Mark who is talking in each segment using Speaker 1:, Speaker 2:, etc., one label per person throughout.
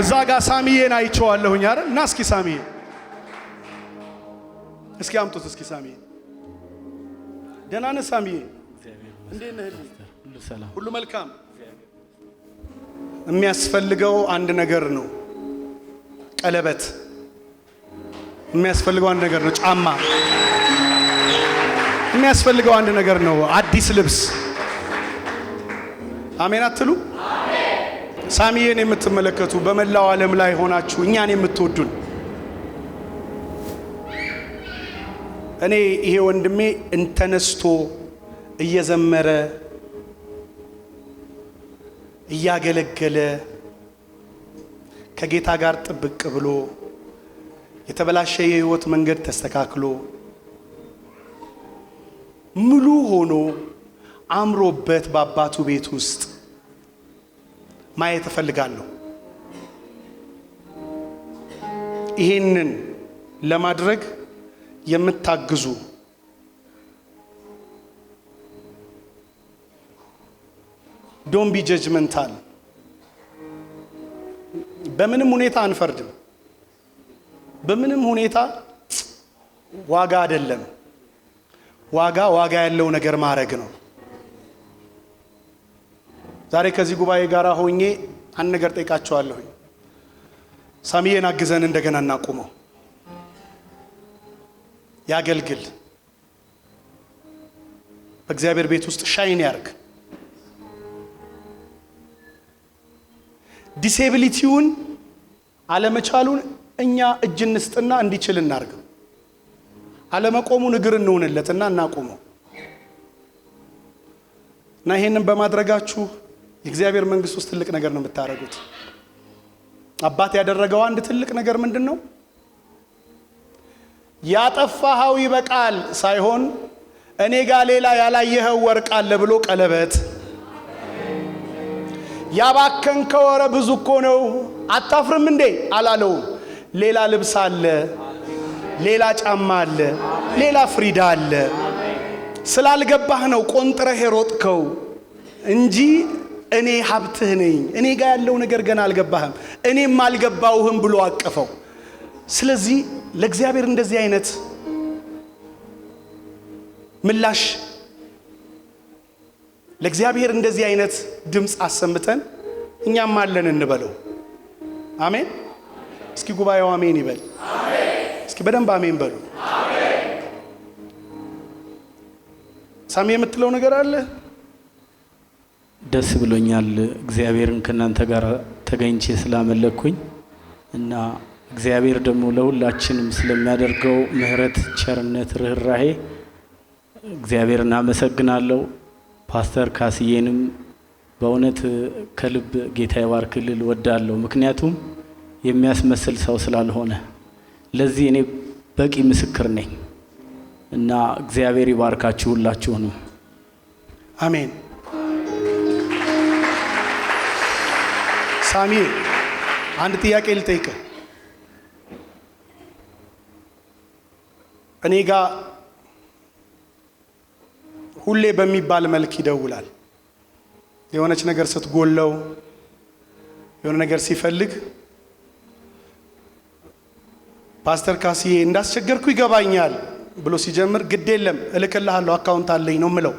Speaker 1: እዛ ጋር ሳሚዬን አይቼዋለሁኝ እና እስኪ ሳሚዬ እስኪ አምጡት። እስኪ ሳሚዬ ደህና ነህ ሳሚዬ? እንዴት ነህ? ሁሉ መልካም። የሚያስፈልገው አንድ ነገር ነው። ቀለበት የሚያስፈልገው አንድ ነገር ነው። ጫማ የሚያስፈልገው አንድ ነገር ነው። አዲስ ልብስ። አሜን አትሉ? ሳሚዬን የምትመለከቱ በመላው ዓለም ላይ ሆናችሁ እኛን የምትወዱን እኔ ይሄ ወንድሜ እንተነስቶ እየዘመረ እያገለገለ ከጌታ ጋር ጥብቅ ብሎ የተበላሸ የህይወት መንገድ ተስተካክሎ ሙሉ ሆኖ አምሮበት በአባቱ ቤት ውስጥ ማየት እፈልጋለሁ። ይህንን ለማድረግ የምታግዙ ዶን ቢ ጀጅመንታል። በምንም ሁኔታ አንፈርድም። በምንም ሁኔታ ዋጋ አይደለም። ዋጋ ዋጋ ያለው ነገር ማድረግ ነው። ዛሬ ከዚህ ጉባኤ ጋር ሆኜ አንድ ነገር ጠይቃቸዋለሁኝ። ሳሚዬን አግዘን እንደገና እናቁመው። ያገልግል፣ በእግዚአብሔር ቤት ውስጥ ሻይን ያርግ። ዲሴቢሊቲውን አለመቻሉን እኛ እጅ እንስጥና እንዲችል እናርገው። አለመቆሙን እግር እንሆንለትና እናቁመው እና ይሄንን በማድረጋችሁ የእግዚአብሔር መንግስት ውስጥ ትልቅ ነገር ነው የምታደርጉት። አባት ያደረገው አንድ ትልቅ ነገር ምንድን ነው? ያጠፋኸው ይበቃል ሳይሆን እኔ ጋር ሌላ ያላየኸው ወርቅ አለ ብሎ ቀለበት። ያባከንከው ኧረ ብዙ እኮ ነው አታፍርም እንዴ አላለውም። ሌላ ልብስ አለ፣ ሌላ ጫማ አለ፣ ሌላ ፍሪዳ አለ። ስላልገባህ ነው ቆንጥረህ የሮጥከው እንጂ እኔ ሀብትህ ነኝ፣ እኔ ጋር ያለው ነገር ገና አልገባህም፣ እኔም አልገባውህም ብሎ አቀፈው። ስለዚህ ለእግዚአብሔር እንደዚህ አይነት ምላሽ ለእግዚአብሔር እንደዚህ አይነት ድምፅ አሰምተን እኛም አለን እንበለው። አሜን። እስኪ ጉባኤው አሜን ይበል። እስኪ በደንብ አሜን በሉ። ሳሚ የምትለው ነገር አለ።
Speaker 2: ደስ ብሎኛል እግዚአብሔርን ከእናንተ ጋር ተገኝቼ ስላመለኩኝ እና እግዚአብሔር ደግሞ ለሁላችንም ስለሚያደርገው ምሕረት፣ ቸርነት፣ ርኅራሄ እግዚአብሔርን አመሰግናለሁ። ፓስተር ካስዬንም በእውነት ከልብ ጌታ ይባርክልህ ወዳለሁ ምክንያቱም የሚያስመስል ሰው ስላልሆነ ለዚህ እኔ በቂ ምስክር ነኝ እና እግዚአብሔር ይባርካችሁ ሁላችሁንም። ነው።
Speaker 1: አሜን። ሳሚ አንድ ጥያቄ ልጠይቅ። እኔ ጋር ሁሌ በሚባል መልክ ይደውላል። የሆነች ነገር ስትጎለው፣ የሆነ ነገር ሲፈልግ ፓስተር ካሲዬ እንዳስቸገርኩ ይገባኛል ብሎ ሲጀምር ግድ የለም እልክልሃለሁ አካውንት አለኝ ነው ምለው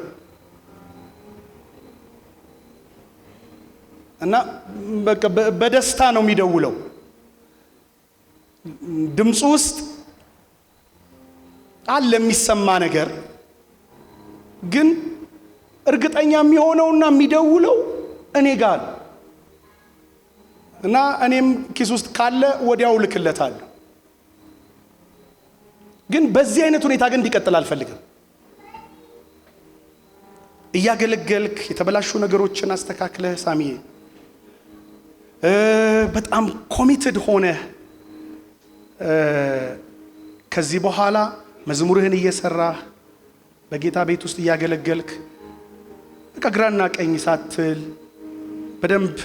Speaker 1: እና በደስታ ነው የሚደውለው። ድምፁ ውስጥ አለ የሚሰማ ነገር፣ ግን እርግጠኛ የሚሆነውና የሚደውለው እኔ ጋር እና እኔም ኪስ ውስጥ ካለ ወዲያው እልክለታለሁ። ግን በዚህ አይነት ሁኔታ ግን እንዲቀጥል አልፈልግም። እያገለገልክ የተበላሹ ነገሮችን አስተካክለህ ሳሚዬ በጣም ኮሚትድ ሆነ ከዚህ በኋላ መዝሙርህን እየሰራህ በጌታ ቤት ውስጥ እያገለገልክ በቃ ግራና ቀኝ ሳትል በደንብ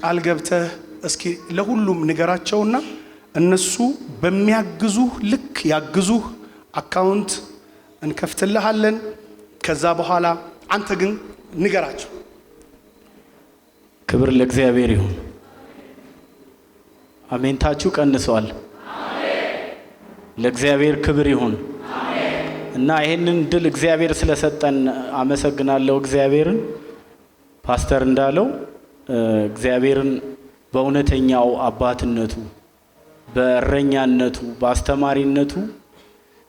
Speaker 1: ቃል ገብተህ እስኪ ለሁሉም ንገራቸውና እነሱ በሚያግዙህ ልክ ያግዙህ። አካውንት እንከፍትልሃለን። ከዛ በኋላ አንተ ግን ንገራቸው።
Speaker 2: ክብር ለእግዚአብሔር ይሁን። አሜንታችሁ ቀንሰዋል። ለእግዚአብሔር ክብር ይሁን እና ይህንን ድል እግዚአብሔር ስለሰጠን አመሰግናለሁ። እግዚአብሔርን ፓስተር እንዳለው እግዚአብሔርን በእውነተኛው አባትነቱ፣ በእረኛነቱ፣ በአስተማሪነቱ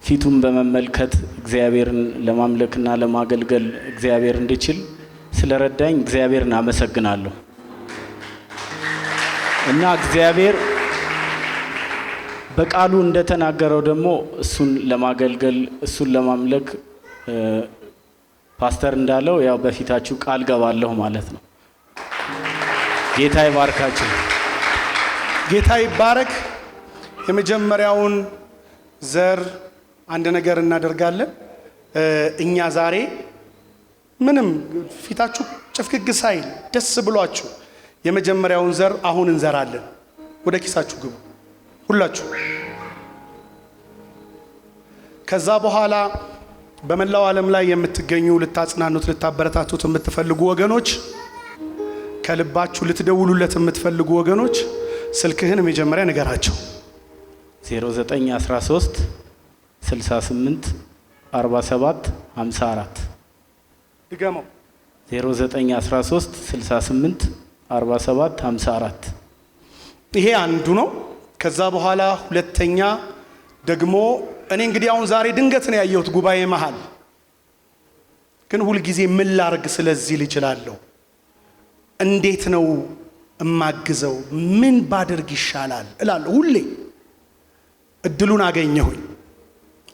Speaker 2: ፊቱን በመመልከት እግዚአብሔርን ለማምለክና ለማገልገል እግዚአብሔር እንድችል ስለረዳኝ እግዚአብሔርን አመሰግናለሁ። እና እግዚአብሔር በቃሉ እንደተናገረው ደግሞ እሱን ለማገልገል እሱን ለማምለክ ፓስተር እንዳለው ያው በፊታችሁ ቃል ገባለሁ ማለት ነው። ጌታ ይባርካችሁ።
Speaker 1: ጌታ ይባረክ። የመጀመሪያውን ዘር አንድ ነገር እናደርጋለን። እኛ ዛሬ ምንም ፊታችሁ ጭፍግግ ሳይል ደስ ብሏችሁ የመጀመሪያውን ዘር አሁን እንዘራለን። ወደ ኪሳችሁ ግቡ ሁላችሁ። ከዛ በኋላ በመላው ዓለም ላይ የምትገኙ ልታጽናኑት፣ ልታበረታቱት የምትፈልጉ ወገኖች፣ ከልባችሁ ልትደውሉለት የምትፈልጉ ወገኖች ስልክህን መጀመሪያ ንገራቸው።
Speaker 2: 0913 68 47 54 ድገመው 0913 68 47 54
Speaker 1: ይሄ አንዱ ነው። ከዛ በኋላ ሁለተኛ ደግሞ እኔ እንግዲህ አሁን ዛሬ ድንገት ነው ያየሁት ጉባኤ መሃል ግን ሁልጊዜ ምን ላርግ ስለዚህ ልችላለሁ እንዴት ነው እማግዘው ምን ባደርግ ይሻላል እላለሁ ሁሌ እድሉን አገኘሁኝ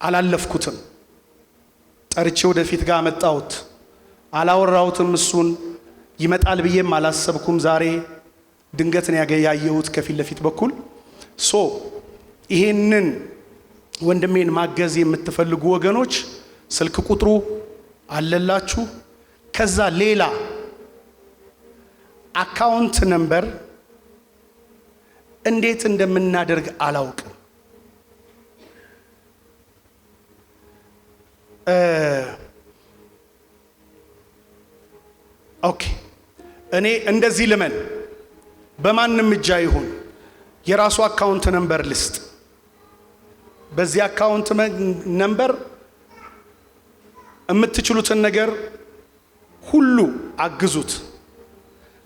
Speaker 1: አላለፍኩትም ጠርቼ ወደፊት ጋር መጣሁት አላወራሁትም እሱን ይመጣል ብዬም አላሰብኩም። ዛሬ ድንገት ነው ያየሁት ከፊት ለፊት በኩል ሶ ይሄንን ወንድሜን ማገዝ የምትፈልጉ ወገኖች ስልክ ቁጥሩ አለላችሁ። ከዛ ሌላ አካውንት ነምበር እንዴት እንደምናደርግ አላውቅም። ኦኬ እኔ እንደዚህ ልመን፣ በማንም እጃ ይሁን የራሱ አካውንት ነምበር ልስጥ። በዚህ አካውንት ነምበር የምትችሉትን ነገር ሁሉ አግዙት።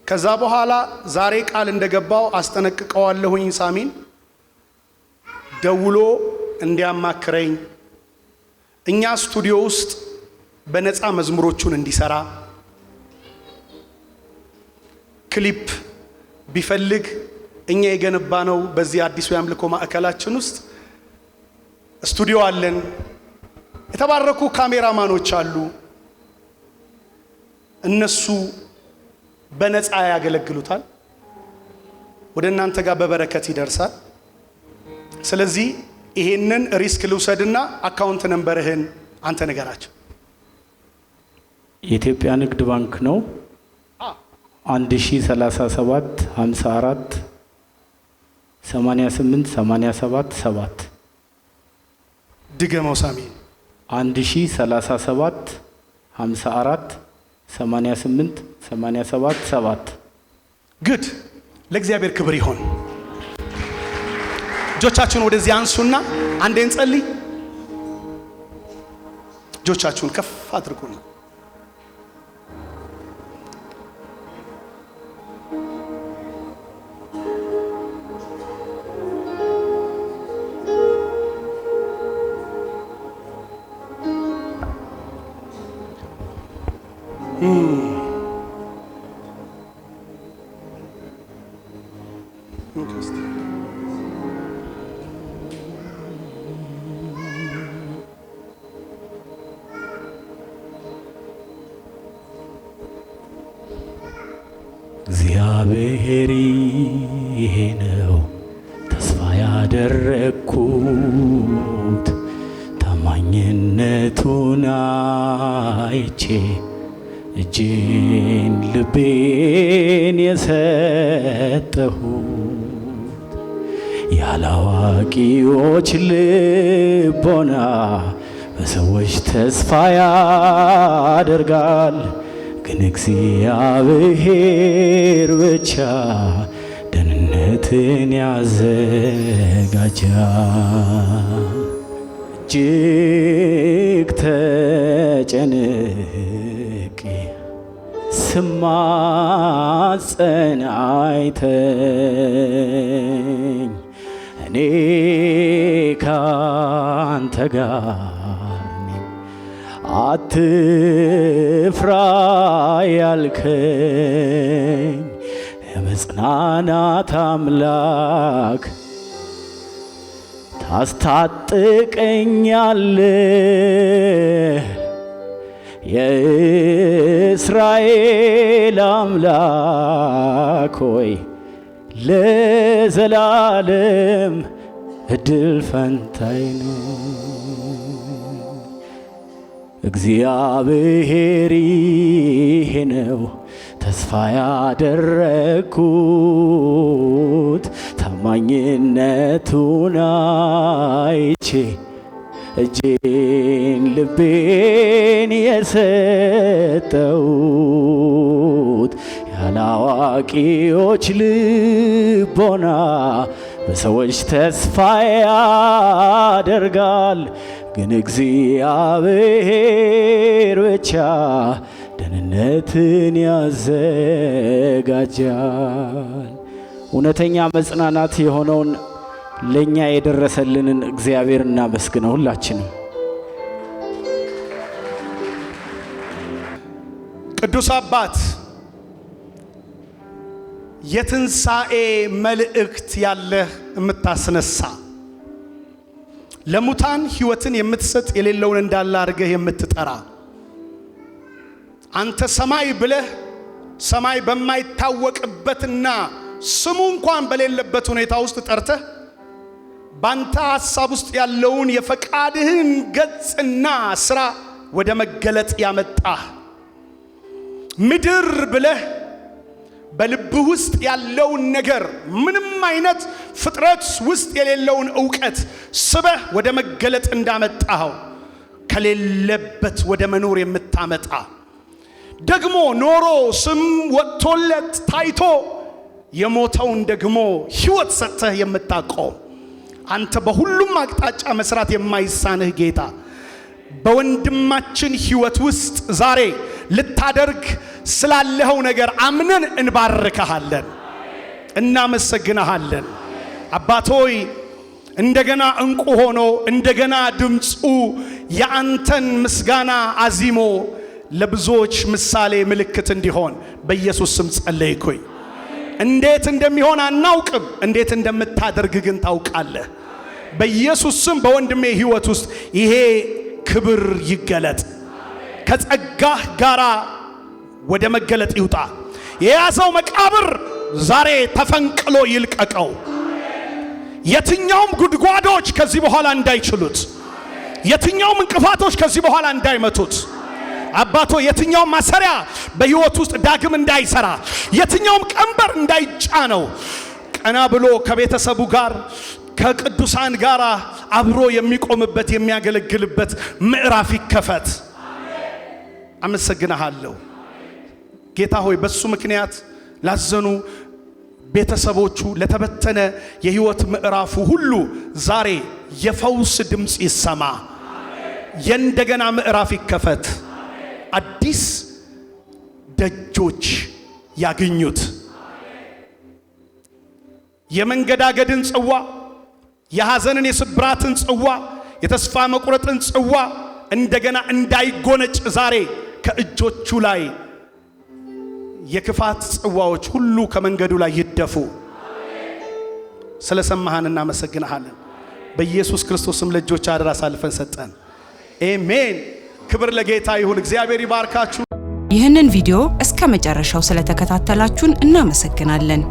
Speaker 1: ከዛ በኋላ ዛሬ ቃል እንደገባው አስጠነቅቀዋለሁኝ። ሳሚን ደውሎ እንዲያማክረኝ እኛ ስቱዲዮ ውስጥ በነፃ መዝሙሮቹን እንዲሰራ ክሊፕ ቢፈልግ እኛ የገነባ ነው። በዚህ አዲሱ የአምልኮ ማዕከላችን ውስጥ ስቱዲዮ አለን። የተባረኩ ካሜራማኖች አሉ። እነሱ በነፃ ያገለግሉታል። ወደ እናንተ ጋር በበረከት ይደርሳል። ስለዚህ ይሄንን ሪስክ ልውሰድና አካውንት ነንበርህን አንተ ነገራቸው
Speaker 2: የኢትዮጵያ ንግድ ባንክ ነው። አንድ ሺ ሰላሳ ሰባት ሀምሳ አራት ሰማኒያ ስምንት ሰማኒያ ሰባት ሰባት ድገመው ሳሚ። አንድ ሺ ሰላሳ ሰባት ሀምሳ አራት ሰማኒያ ስምንት ሰማኒያ ሰባት ሰባት
Speaker 1: ግድ ለእግዚአብሔር ክብር ይሆን። እጆቻችሁን ወደዚህ አንሱና አንዴ እንጸልይ። እጆቻችሁን ከፍ አድርጉና
Speaker 3: እግዚአብሔር ይሄ ነው ተስፋ ያደረግኩት ታማኝነቱን አይቼ እጄን ልቤን የሰጠሁት ያላዋቂዎች ልቦና በሰዎች ተስፋ ያደርጋል ግን እግዚአብሔር ብቻ ደህንነትን ያዘጋጃ እጅግ ተጨንቄ ስማጸን አይተኝ እኔ ካንተ ጋር አትፍራ ያልከኝ የመጽናናት አምላክ ታስታጥቀኛለህ የእስራኤል አምላክ ሆይ ለዘላለም እድል ፈንታይ ነው። እግዚአብሔር ይሄ ነው ተስፋ ያደረግኩት ታማኝነቱን አይቼ እጄን ልቤን የሰጠሁት ያላዋቂዎች ልቦና በሰዎች ተስፋ ያደርጋል ግን እግዚአብሔር ብቻ ደህንነትን ያዘጋጃል።
Speaker 2: እውነተኛ መጽናናት የሆነውን ለእኛ የደረሰልንን እግዚአብሔር እናመስግነው ሁላችንም።
Speaker 1: ቅዱስ አባት የትንሣኤ መልእክት ያለህ የምታስነሳ ለሙታን ሕይወትን የምትሰጥ የሌለውን እንዳለ አድርገህ የምትጠራ አንተ ሰማይ ብለህ ሰማይ በማይታወቅበትና ስሙ እንኳን በሌለበት ሁኔታ ውስጥ ጠርተህ ባንተ ሐሳብ ውስጥ ያለውን የፈቃድህን ገጽና ሥራ ወደ መገለጥ ያመጣህ ምድር ብለህ በልብ ውስጥ ያለውን ነገር ምንም አይነት ፍጥረት ውስጥ የሌለውን እውቀት ስበህ ወደ መገለጥ እንዳመጣኸው ከሌለበት ወደ መኖር የምታመጣ ደግሞ ኖሮ ስም ወጥቶለት ታይቶ የሞተውን ደግሞ ሕይወት ሰጥተህ የምታቆም አንተ በሁሉም አቅጣጫ መስራት የማይሳንህ ጌታ በወንድማችን ሕይወት ውስጥ ዛሬ ልታደርግ ስላለኸው ነገር አምነን እንባርከሃለን፣ እናመሰግንሃለን። አባቶይ እንደገና እንቁ ሆኖ እንደገና ድምፁ የአንተን ምስጋና አዚሞ ለብዙዎች ምሳሌ ምልክት እንዲሆን በኢየሱስ ስም ጸለይኩኝ። እንዴት እንደሚሆን አናውቅም፣ እንዴት እንደምታደርግ ግን ታውቃለህ። በኢየሱስ ስም በወንድሜ ሕይወት ውስጥ ይሄ ክብር ይገለጥ። ከጸጋህ ጋር ወደ መገለጥ ይውጣ። የያዘው መቃብር ዛሬ ተፈንቅሎ ይልቀቀው። የትኛውም ጉድጓዶች ከዚህ በኋላ እንዳይችሉት፣ የትኛውም እንቅፋቶች ከዚህ በኋላ እንዳይመቱት አባቶ የትኛውም ማሰሪያ በሕይወት ውስጥ ዳግም እንዳይሰራ፣ የትኛውም ቀንበር እንዳይጫነው ቀና ብሎ ከቤተሰቡ ጋር ከቅዱሳን ጋር አብሮ የሚቆምበት የሚያገለግልበት ምዕራፍ ይከፈት። አመሰግናለሁ ጌታ ሆይ በሱ ምክንያት ላዘኑ ቤተሰቦቹ ለተበተነ የህይወት ምዕራፉ ሁሉ ዛሬ የፈውስ ድምፅ ይሰማ። የእንደገና ምዕራፍ ይከፈት። አዲስ ደጆች ያግኙት። የመንገዳገድን ጽዋ፣ የሐዘንን የስብራትን ጽዋ፣ የተስፋ መቁረጥን ጽዋ እንደገና እንዳይጎነጭ ዛሬ ከእጆቹ ላይ የክፋት ጽዋዎች ሁሉ ከመንገዱ ላይ ይደፉ። ስለ ሰማሃን እናመሰግንሃለን። በኢየሱስ ክርስቶስም ለእጆች አደራ አሳልፈን ሰጠን። ኤሜን። ክብር ለጌታ ይሁን። እግዚአብሔር ይባርካችሁ።
Speaker 4: ይህንን ቪዲዮ እስከ መጨረሻው ስለተከታተላችሁን እናመሰግናለን።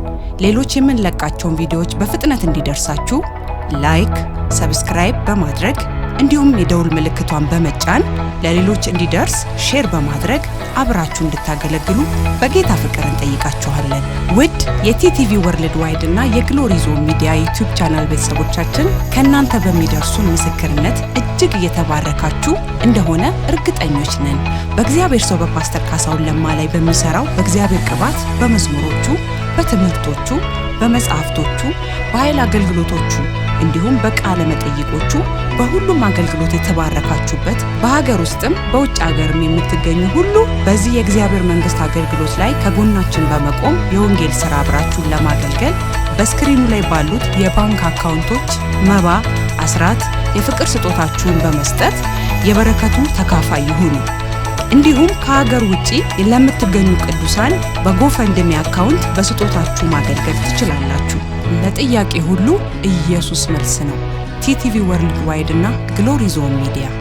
Speaker 4: ሌሎች የምንለቃቸውን ቪዲዮዎች በፍጥነት እንዲደርሳችሁ ላይክ፣ ሰብስክራይብ በማድረግ እንዲሁም የደውል ምልክቷን በመጫን ለሌሎች እንዲደርስ ሼር በማድረግ አብራችሁ እንድታገለግሉ በጌታ ፍቅር እንጠይቃችኋለን። ውድ የቲቲቪ ወርልድ ዋይድ እና የግሎሪ ዞን ሚዲያ ዩቲዩብ ቻናል ቤተሰቦቻችን ከእናንተ በሚደርሱን ምስክርነት እጅግ እየተባረካችሁ እንደሆነ እርግጠኞች ነን። በእግዚአብሔር ሰው በፓስተር ካሳሁን ለማ ላይ በሚሰራው በእግዚአብሔር ቅባት በመዝሙሮቹ በትምህርቶቹ በመጽሐፍቶቹ፣ በኃይል አገልግሎቶቹ እንዲሁም በቃለ መጠይቆቹ በሁሉም አገልግሎት የተባረካችሁበት በሀገር ውስጥም በውጭ ሀገርም የምትገኙ ሁሉ በዚህ የእግዚአብሔር መንግስት አገልግሎት ላይ ከጎናችን በመቆም የወንጌል ስራ አብራችሁን ለማገልገል በስክሪኑ ላይ ባሉት የባንክ አካውንቶች መባ፣ አስራት፣ የፍቅር ስጦታችሁን በመስጠት የበረከቱ ተካፋይ ይሁኑ። እንዲሁም ከሀገር ውጭ ለምትገኙ ቅዱሳን በጎፈንድሚ አካውንት በስጦታችሁ ማገልገል ትችላላችሁ። ለጥያቄ ሁሉ ኢየሱስ መልስ ነው። ቲቲቪ ወርልድ ዋይድ እና ግሎሪ ዞን ሚዲያ